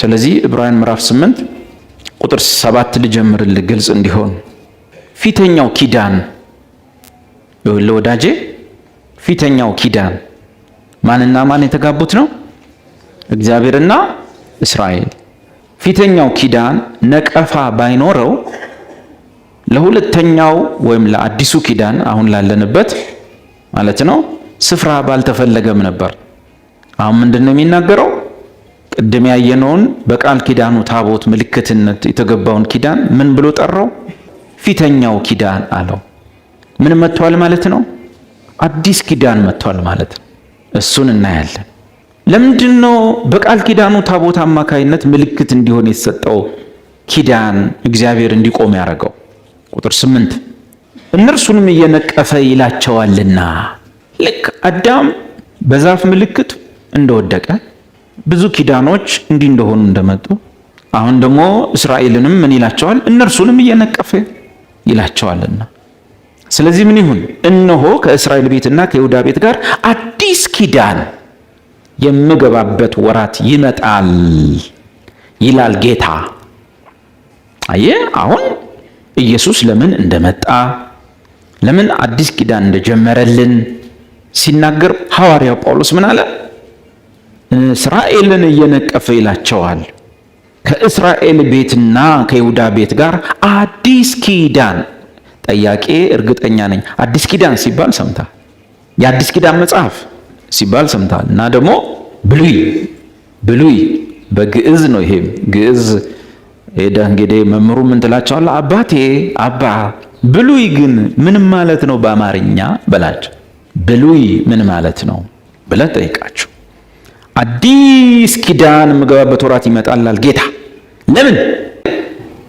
ስለዚህ ዕብራውያን ምዕራፍ 8 ቁጥር 7 ልጀምርልህ ግልጽ እንዲሆን። ፊተኛው ኪዳን ወዳጄ ፊተኛው ኪዳን ማንና ማን የተጋቡት ነው? እግዚአብሔርና እስራኤል። ፊተኛው ኪዳን ነቀፋ ባይኖረው ለሁለተኛው ወይም ለአዲሱ ኪዳን አሁን ላለንበት ማለት ነው ስፍራ ባልተፈለገም ነበር። አሁን ምንድን ነው የሚናገረው? ቅድም ያየነውን በቃል ኪዳኑ ታቦት ምልክትነት የተገባውን ኪዳን ምን ብሎ ጠራው? ፊተኛው ኪዳን አለው። ምን መጥቷል ማለት ነው? አዲስ ኪዳን መጥቷል ማለት ነው። እሱን እናያለን። ለምንድን ነው በቃል ኪዳኑ ታቦት አማካይነት ምልክት እንዲሆን የተሰጠው ኪዳን እግዚአብሔር እንዲቆም ያደረገው? ቁጥር ስምንት እነርሱንም እየነቀፈ ይላቸዋልና ልክ አዳም በዛፍ ምልክት እንደወደቀ ብዙ ኪዳኖች እንዲህ እንደሆኑ እንደመጡ አሁን ደግሞ እስራኤልንም ምን ይላቸዋል? እነርሱንም እየነቀፈ ይላቸዋልና። ስለዚህ ምን ይሁን? እነሆ ከእስራኤል ቤትና ከይሁዳ ቤት ጋር አዲስ ኪዳን የምገባበት ወራት ይመጣል ይላል ጌታ። አየ አሁን ኢየሱስ ለምን እንደመጣ ለምን አዲስ ኪዳን እንደጀመረልን ሲናገር ሐዋርያው ጳውሎስ ምን አለ? እስራኤልን እየነቀፈ ይላቸዋል። ከእስራኤል ቤትና ከይሁዳ ቤት ጋር አዲስ ኪዳን ጠያቄ እርግጠኛ ነኝ አዲስ ኪዳን ሲባል ሰምታል። የአዲስ ኪዳን መጽሐፍ ሲባል ሰምታል። እና ደግሞ ብሉይ ብሉይ በግዕዝ ነው። ይሄም ግዕዝ ሄደ እንግዲህ መምህሩ ምን ትላቸዋለህ? አባቴ አባ ብሉይ ግን ምን ማለት ነው በአማርኛ በላቸው። ብሉይ ምን ማለት ነው ብለህ ጠይቃቸው። አዲስ ኪዳን የምገባበት ወራት ይመጣላል ጌታ። ለምን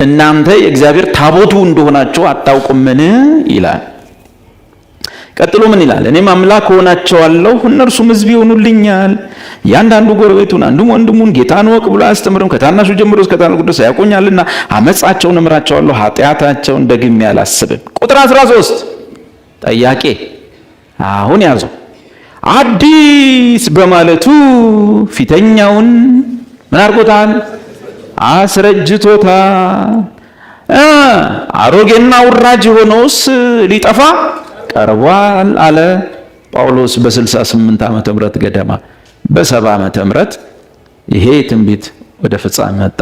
እናንተ የእግዚአብሔር ታቦቱ እንደሆናችሁ አታውቁምን? ይላል። ቀጥሎ ምን ይላል? እኔም አምላክ ሆናቸዋለሁ እነርሱም ሕዝብ ይሆኑልኛል። እያንዳንዱ ጎረቤቱን አንዱም ወንድሙን ጌታን ወቅ ብሎ አያስተምርም። ከታናሹ ጀምሮ እስከ ታላቁ ድረስ ያውቁኛልና አመፃቸውን እምራቸዋለሁ፣ ኃጢአታቸውን ደግሜ አላስብም። ቁጥር 13 ጠያቄ አሁን ያዘው አዲስ በማለቱ ፊተኛውን ምን አድርጎታል? አስረጅቶታል። አሮጌና ውራጅ የሆነውስ ሊጠፋ ቀርቧል አለ ጳውሎስ በ68 ዓመተ ምህረት ገደማ። በ70 ዓመተ ምህረት ይሄ ትንቢት ወደ ፍጻሜ መጣ።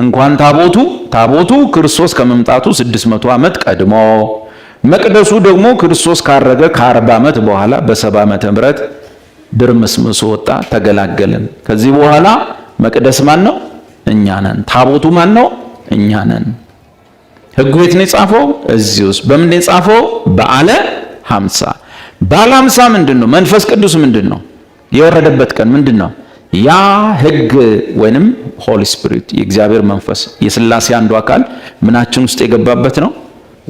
እንኳን ታቦቱ ታቦቱ ክርስቶስ ከመምጣቱ 600 ዓመት ቀድሞ መቅደሱ ደግሞ ክርስቶስ ካረገ ከ ከ40 ዓመት በኋላ በሰባ ዓመተ ምህረት ድርምስምስ ወጣ፣ ተገላገልን። ከዚህ በኋላ መቅደስ ማን ነው? እኛ ነን። ታቦቱ ማን ነው? እኛ ነን። ህጉ የት ነው የጻፈው? እዚህ ውስጥ። በምን ነው የጻፈው? በዓለ ሀምሳ። በዓለ ሀምሳ ምንድን ነው? መንፈስ ቅዱስ ምንድን ነው የወረደበት ቀን ምንድን ነው? ያ ህግ ወይንም ሆሊ ስፒሪት የእግዚአብሔር መንፈስ የስላሴ አንዱ አካል ምናችን ውስጥ የገባበት ነው።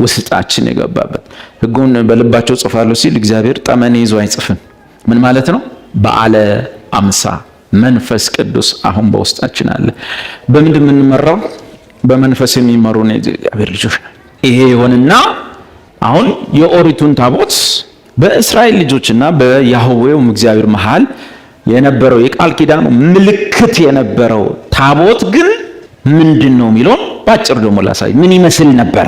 ውስጣችን የገባበት ህጉን በልባቸው ጽፋለሁ ሲል እግዚአብሔር ጠመኔ ይዞ አይጽፍም። ምን ማለት ነው? በዓለ አምሳ መንፈስ ቅዱስ አሁን በውስጣችን አለ። በምንድን የምንመራው? በመንፈስ የሚመሩ የእግዚአብሔር ልጆች ይሄ ይሆንና አሁን የኦሪቱን ታቦት በእስራኤል ልጆችና በያህዌውም እግዚአብሔር መሃል የነበረው የቃል ኪዳኑ ምልክት የነበረው ታቦት ግን ምንድን ነው የሚለውን በአጭር ደግሞ ላሳይ። ምን ይመስል ነበር?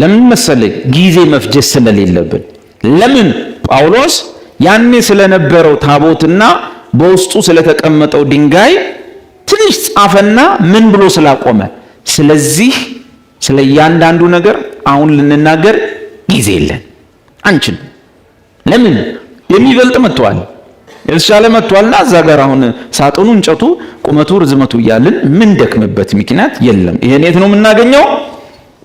ለምን መሰለኝ ጊዜ መፍጀት ስለሌለብን። ለምን ጳውሎስ ያኔ ስለነበረው ታቦትና በውስጡ ስለተቀመጠው ድንጋይ ትንሽ ጻፈና ምን ብሎ ስላቆመ፣ ስለዚህ ስለ እያንዳንዱ ነገር አሁን ልንናገር ጊዜ የለን። አንችን ለምን የሚበልጥ መጥቷል፣ የተሻለ መጥቷልና እዛ ጋር አሁን ሳጥኑ፣ እንጨቱ፣ ቁመቱ፣ ርዝመቱ እያልን ምን ደክምበት ምክንያት የለም። ይሄን የት ነው የምናገኘው?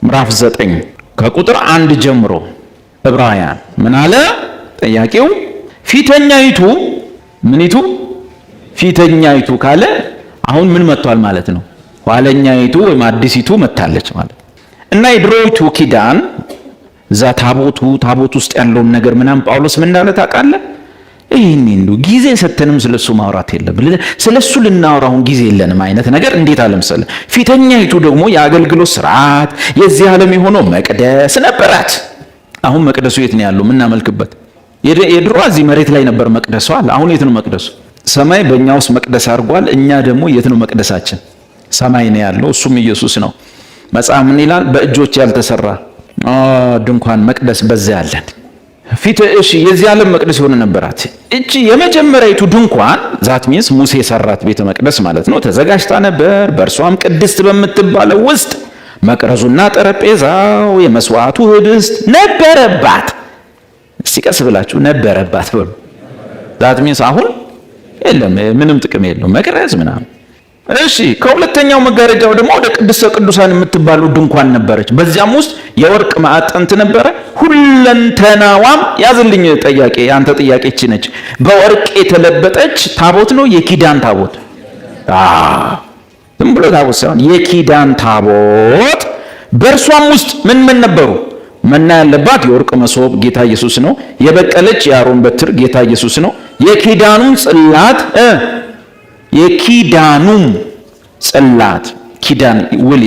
ምዕራፍ ዘጠኝ ከቁጥር አንድ ጀምሮ ዕብራውያን ምን አለ ጠያቂው? ፊተኛይቱ ምኒቱ ፊተኛይቱ ካለ አሁን ምን መጥቷል ማለት ነው? ኋለኛይቱ ወይም አዲሲቱ መታለች ማለት እና የድሮይቱ ኪዳን እዛ ታቦቱ ታቦት ውስጥ ያለውን ነገር ምናምን ጳውሎስ ምን እንዳለ ታውቃለህ? ይህን እንዱ ጊዜ ሰተንም ስለሱ ማውራት የለም ስለሱ ልናወራ አሁን ጊዜ የለንም አይነት ነገር እንዴት አለምሰለ። ፊተኛይቱ ደግሞ የአገልግሎት ስርዓት የዚህ ዓለም የሆነው መቅደስ ነበራት። አሁን መቅደሱ የት ነው ያለው? የምናመልክበት የድሮ እዚህ መሬት ላይ ነበር መቅደሱ አለ። አሁን የት ነው መቅደሱ? ሰማይ በእኛ ውስጥ መቅደስ አድርጓል። እኛ ደግሞ የት ነው መቅደሳችን? ሰማይ ነው ያለው፣ እሱም ኢየሱስ ነው። መጽሐፍ ምን ይላል? በእጆች ያልተሰራ ድንኳን መቅደስ በዛ ያለን ፊት እሺ የዚህ ዓለም መቅደስ የሆነ ነበራት። እቺ የመጀመሪያይቱ ድንኳን ዛት ሚንስ ሙሴ የሰራት ቤተ መቅደስ ማለት ነው። ተዘጋጅታ ነበር። በእርሷም ቅድስት በምትባለው ውስጥ መቅረዙና ጠረጴዛው የመስዋዕቱ ህድስት ነበረባት። እስቲ ቀስ ብላችሁ ነበረባት በሉ። ዛት ሚንስ አሁን የለም፣ ምንም ጥቅም የለው መቅረዝ ምናምን እሺ ከሁለተኛው መጋረጃው ደግሞ ወደ ቅድስተ ቅዱሳን የምትባሉ ድንኳን ነበረች። በዚያም ውስጥ የወርቅ ማዕጠንት ነበረ። ሁለንተናዋም ያዝልኝ ጥያቄ፣ አንተ ጥያቄ እቺ ነች። በወርቅ የተለበጠች ታቦት ነው የኪዳን ታቦት ዝም ብሎ ታቦት ሳይሆን የኪዳን ታቦት። በእርሷም ውስጥ ምን ምን ነበሩ? መና ያለባት የወርቅ መሶብ ጌታ ኢየሱስ ነው። የበቀለች የአሮን በትር ጌታ ኢየሱስ ነው። የኪዳኑን ጽላት የኪዳኑም ጽላት ኪዳን ውል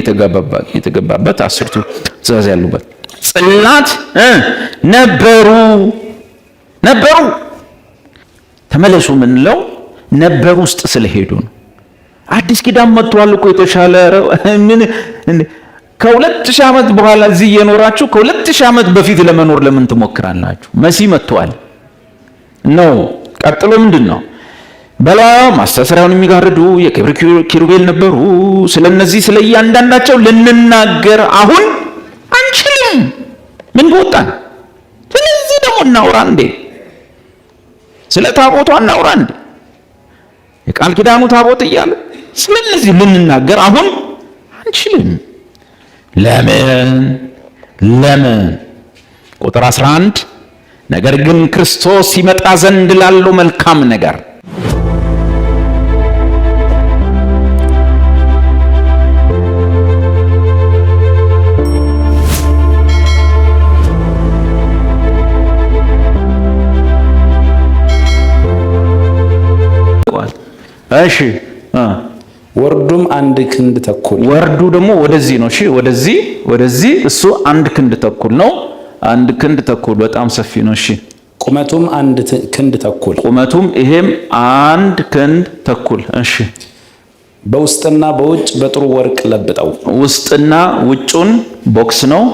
የተገባበት አስርቱ ትእዛዝ ያሉበት ጽላት ነበሩ ነበሩ። ተመለሱ የምንለው ነበሩ ውስጥ ስለሄዱ ነው። አዲስ ኪዳን መጥቷል እኮ የተሻለ ምን ከሁለት ሺህ ዓመት በኋላ እዚህ እየኖራችሁ ከሁለት ሺህ ዓመት በፊት ለመኖር ለምን ትሞክራላችሁ? መሲህ መጥቷል ነው። ቀጥሎ ምንድን ነው? በላም ማስተስሪያውን የሚጋርዱ የክብር ኪሩቤል ነበሩ። ስለነዚህ ስለ እያንዳንዳቸው ልንናገር አሁን አንችልም፣ ምን በወጣን። ስለዚህ ደግሞ እናውራ እንዴ፣ ስለ ታቦቷ እናውራ እንዴ፣ የቃል ኪዳኑ ታቦት እያለ ስለነዚህ ልንናገር አሁን አንችልም። ለምን ለምን? ቁጥር 11 ነገር ግን ክርስቶስ ይመጣ ዘንድ ላለው መልካም ነገር እሺ ወርዱም አንድ ክንድ ተኩል ወርዱ ደግሞ ወደዚህ ነው። እሺ ወደዚህ ወደዚህ እሱ አንድ ክንድ ተኩል ነው። አንድ ክንድ ተኩል በጣም ሰፊ ነው። እሺ ቁመቱም አንድ ክንድ ተኩል ቁመቱም ይሄም አንድ ክንድ ተኩል። እሺ በውስጥና በውጭ በጥሩ ወርቅ ለብጠው። ውስጥና ውጩን ቦክስ ነው።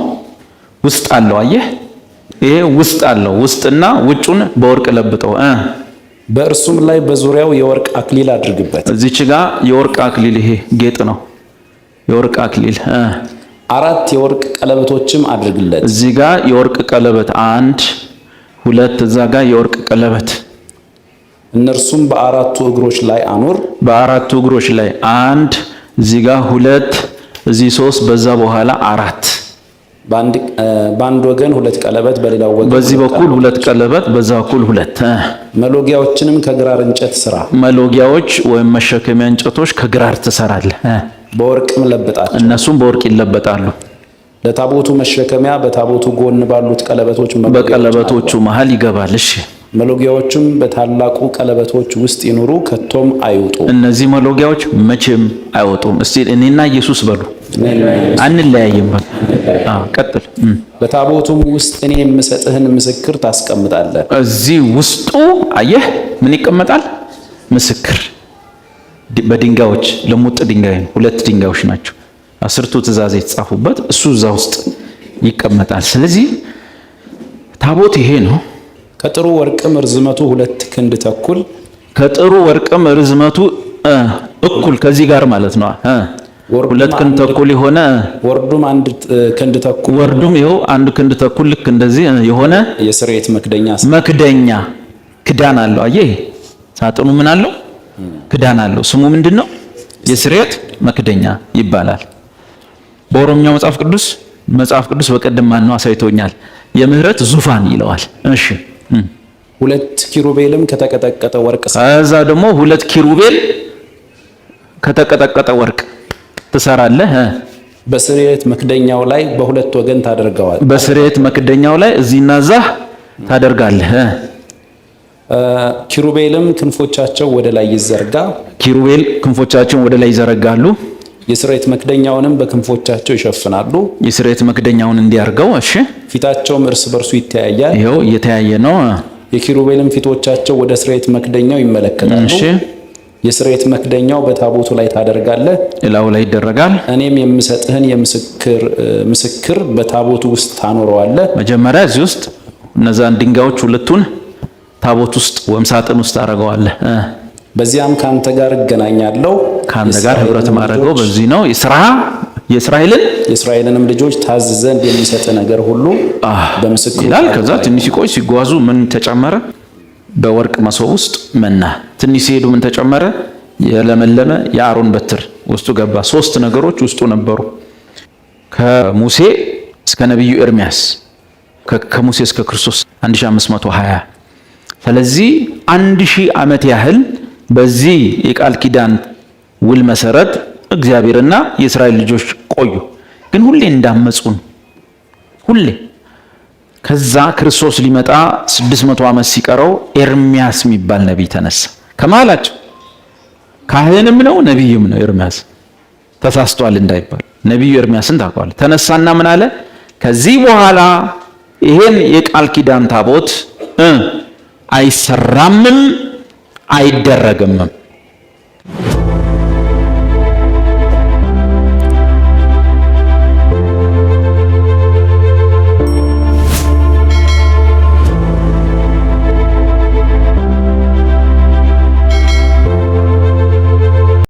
ውስጥ አለው አየህ፣ ይሄ ውስጥ አለው። ውስጥና ውጩን በወርቅ ለብጠው በእርሱም ላይ በዙሪያው የወርቅ አክሊል አድርግበት። እዚች ጋ የወርቅ አክሊል ይሄ ጌጥ ነው። የወርቅ አክሊል አራት የወርቅ ቀለበቶችም አድርግለት። እዚህ ጋ የወርቅ ቀለበት አንድ ሁለት፣ እዛ ጋ የወርቅ ቀለበት። እነርሱም በአራቱ እግሮች ላይ አኑር። በአራቱ እግሮች ላይ አንድ፣ እዚህ ጋ ሁለት፣ እዚህ ሶስት፣ በዛ በኋላ አራት በአንድ ወገን ሁለት ቀለበት በሌላው ወገን በዚህ በኩል ሁለት ቀለበት በዛ በኩል ሁለት። መሎጊያዎችንም ከግራር እንጨት ስራ። መሎጊያዎች ወይም መሸከሚያ እንጨቶች ከግራር ትሰራለህ። በወርቅም ለብጣቸው። እነሱም በወርቅ ይለበጣሉ። ለታቦቱ መሸከሚያ በታቦቱ ጎን ባሉት ቀለበቶች በቀለበቶቹ መሃል ይገባል። እሺ መሎጊያዎቹም በታላቁ ቀለበቶች ውስጥ ይኑሩ፣ ከቶም አይውጡ። እነዚህ መሎጊያዎች መቼም አይወጡም። እስቲ እኔና ኢየሱስ በሉ፣ አንለያይም በሉ። ቀጥል። በታቦቱም ውስጥ እኔ የምሰጥህን ምስክር ታስቀምጣለህ። እዚህ ውስጡ አየህ፣ ምን ይቀመጣል? ምስክር በድንጋዮች ለሙጥ ድንጋይ ሁለት ድንጋዮች ናቸው። አስርቱ ትእዛዝ የተጻፉበት እሱ እዛ ውስጥ ይቀመጣል። ስለዚህ ታቦት ይሄ ነው። ከጥሩ ወርቅም ርዝመቱ ሁለት ክንድ ተኩል ከጥሩ ወርቅም ርዝመቱ እኩል ከዚህ ጋር ማለት ነው። ሁለት ክንድ ተኩል የሆነ ወርዱም አንድ ክንድ ተኩል ወርዱም ይኸው አንድ ክንድ ተኩል ልክ እንደዚህ የሆነ የስርየት መክደኛ መክደኛ ክዳን አለው። አየህ ሳጥኑ ምን አለው? ክዳን አለው። ስሙ ምንድን ነው? የስርየት መክደኛ ይባላል። በኦሮምኛው መጽሐፍ ቅዱስ መጽሐፍ ቅዱስ በቀደም ማነው አሳይቶኛል። የምህረት ዙፋን ይለዋል። እሺ ሁለት ኪሩቤልም ከተቀጠቀጠ ወርቅ እዛ ደግሞ ሁለት ኪሩቤል ከተቀጠቀጠ ወርቅ ትሰራለህ። በስርየት መክደኛው ላይ በሁለት ወገን ታደርገዋል። በስርየት መክደኛው ላይ እዚህና እዛ ታደርጋለህ። ኪሩቤልም ክንፎቻቸው ወደ ላይ ይዘርጋ። ኪሩቤል ክንፎቻቸውን ወደ ላይ ይዘረጋሉ። የስሬት መክደኛውንም በክንፎቻቸው ይሸፍናሉ። የስሬት መክደኛውን እንዲያርገው። እሺ። ፊታቸውም እርስ በርሱ ይተያያል። ይኸው እየተያየ ነው። የኪሩቤልም ፊቶቻቸው ወደ ስሬት መክደኛው ይመለከታሉ። እሺ። የስሬት መክደኛው በታቦቱ ላይ ታደርጋለህ፣ እላው ላይ ይደረጋል። እኔም የምሰጥህን የምስክር ምስክር በታቦቱ ውስጥ ታኖረዋለህ። መጀመሪያ እዚህ ውስጥ እነዛን ድንጋዮች ሁለቱን ታቦት ውስጥ ወይም ሳጥን ውስጥ አደርገዋለህ። በዚያም ካንተ ጋር እገናኛለሁ ከአንተ ጋር ህብረት ማድረገው በዚህ ነው። ስራ የእስራኤልን የእስራኤልንም ልጆች ታዝ ዘንድ የሚሰጥ ነገር ሁሉ በምስክር ይላል። ከዛ ትንሽ ሲቆይ ሲጓዙ ምን ተጨመረ? በወርቅ መሶብ ውስጥ መና። ትንሽ ሲሄዱ ምን ተጨመረ? የለመለመ የአሮን በትር ውስጡ ገባ። ሶስት ነገሮች ውስጡ ነበሩ። ከሙሴ እስከ ነቢዩ ኤርሚያስ ከሙሴ እስከ ክርስቶስ 1520 ስለዚህ አንድ ሺህ ዓመት ያህል በዚህ የቃል ኪዳን ውል መሰረት እግዚአብሔርና የእስራኤል ልጆች ቆዩ። ግን ሁሌ እንዳመፁን ሁሌ ከዛ ክርስቶስ ሊመጣ 600 ዓመት ሲቀረው ኤርሚያስ የሚባል ነቢይ ተነሳ ከመሃላቸው። ካህንም ነው ነቢይም ነው ኤርሚያስ። ተሳስቷል እንዳይባል ነቢዩ ኤርሚያስን ታውቀዋል። ተነሳና ምን አለ? ከዚህ በኋላ ይሄን የቃል ኪዳን ታቦት አይሰራምም አይደረግምም